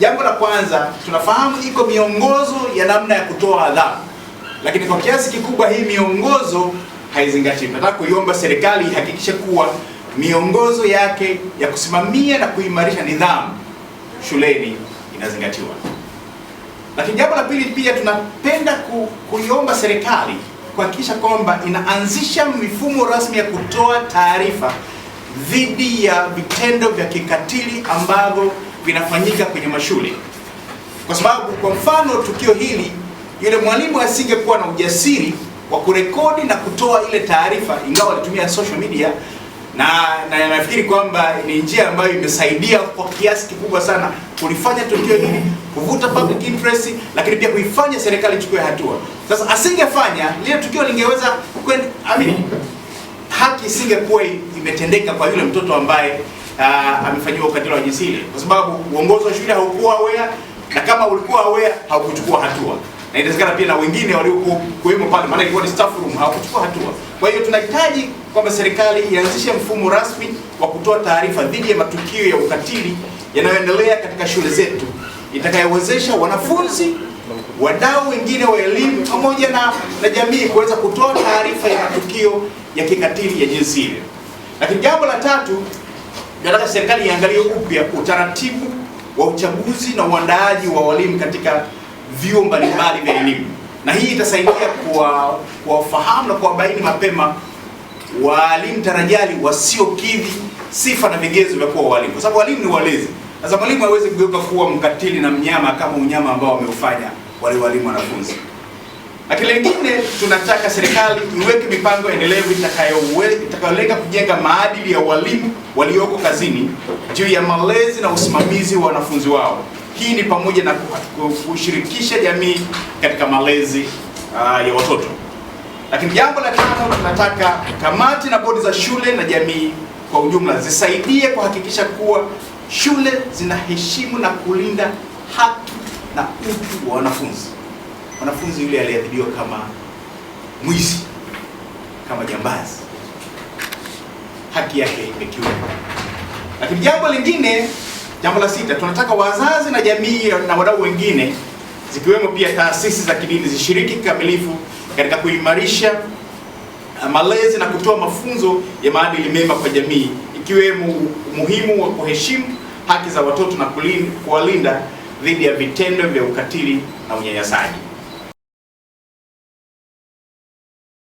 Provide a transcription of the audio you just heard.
Jambo la kwanza, tunafahamu iko miongozo ya namna ya kutoa adhabu, lakini kwa kiasi kikubwa hii miongozo haizingatii Nataka kuiomba serikali ihakikishe kuwa miongozo yake ya kusimamia na kuimarisha nidhamu shuleni inazingatiwa. Lakini jambo la pili, pia tunapenda ku, kuiomba serikali kuhakikisha kwamba inaanzisha mifumo rasmi ya kutoa taarifa dhidi ya vitendo vya kikatili ambavyo vinafanyika kwenye mashule, kwa sababu kwa mfano tukio hili, yule mwalimu asingekuwa na ujasiri wa kurekodi na kutoa ile taarifa, ingawa alitumia social media na, na nafikiri kwamba ni njia ambayo imesaidia kwa kiasi kikubwa sana kulifanya tukio hili kuvuta public interest, lakini pia kuifanya serikali ichukue hatua. Sasa asingefanya lile tukio lingeweza kwenda, mean, haki isingekuwa imetendeka kwa yule mtoto ambaye uh, amefanyiwa ukatili wa jinsia ile, kwa sababu uongozi wa shule haukuwa aware, na kama ulikuwa aware haukuchukua hatua, na inawezekana pia na wengine waliokuwemo pale, maana ilikuwa ni staff room, haukuchukua hatua. Kwa hiyo tunahitaji kwamba serikali ianzishe mfumo rasmi wa kutoa taarifa dhidi ya matukio ya ukatili yanayoendelea katika shule zetu itakayowezesha wanafunzi wadau wengine wa elimu pamoja na, na jamii kuweza kutoa taarifa ya matukio ya kikatili ya jinsia ile. Lakini jambo la tatu nataka serikali iangalie upya utaratibu wa uchaguzi na uandaaji wa walimu katika vyuo mbalimbali vya elimu, na hii itasaidia kuwafahamu na kuwabaini mapema walimu tarajali wasiokidhi sifa na vigezo vya kuwa walimu, kwa sababu walimu ni walezi. Sasa mwalimu hawezi kugeuka kuwa mkatili na mnyama kama unyama ambao wameufanya wale walimu wanafunzi. Lakini lingine tunataka serikali tuweke mipango endelevu itakayolenga kujenga maadili ya walimu walioko kazini juu ya malezi na usimamizi wa wanafunzi wao. Hii ni pamoja na kushirikisha jamii katika malezi uh, ya watoto. Lakini jambo la tano, tunataka kamati na bodi za shule na jamii kwa ujumla zisaidie kuhakikisha kuwa shule zinaheshimu na kulinda haki na utu wa wanafunzi mwanafunzi yule aliadhibiwa kama mwizi, kama jambazi, haki yake imekiuka. Lakini jambo lingine, jambo la sita, tunataka wazazi na jamii na wadau wengine zikiwemo pia taasisi za kidini zishiriki kikamilifu katika kuimarisha uh, malezi na kutoa mafunzo ya maadili mema kwa jamii, ikiwemo umuhimu wa kuheshimu haki za watoto na kuwalinda dhidi ya vitendo vya ukatili na unyanyasaji.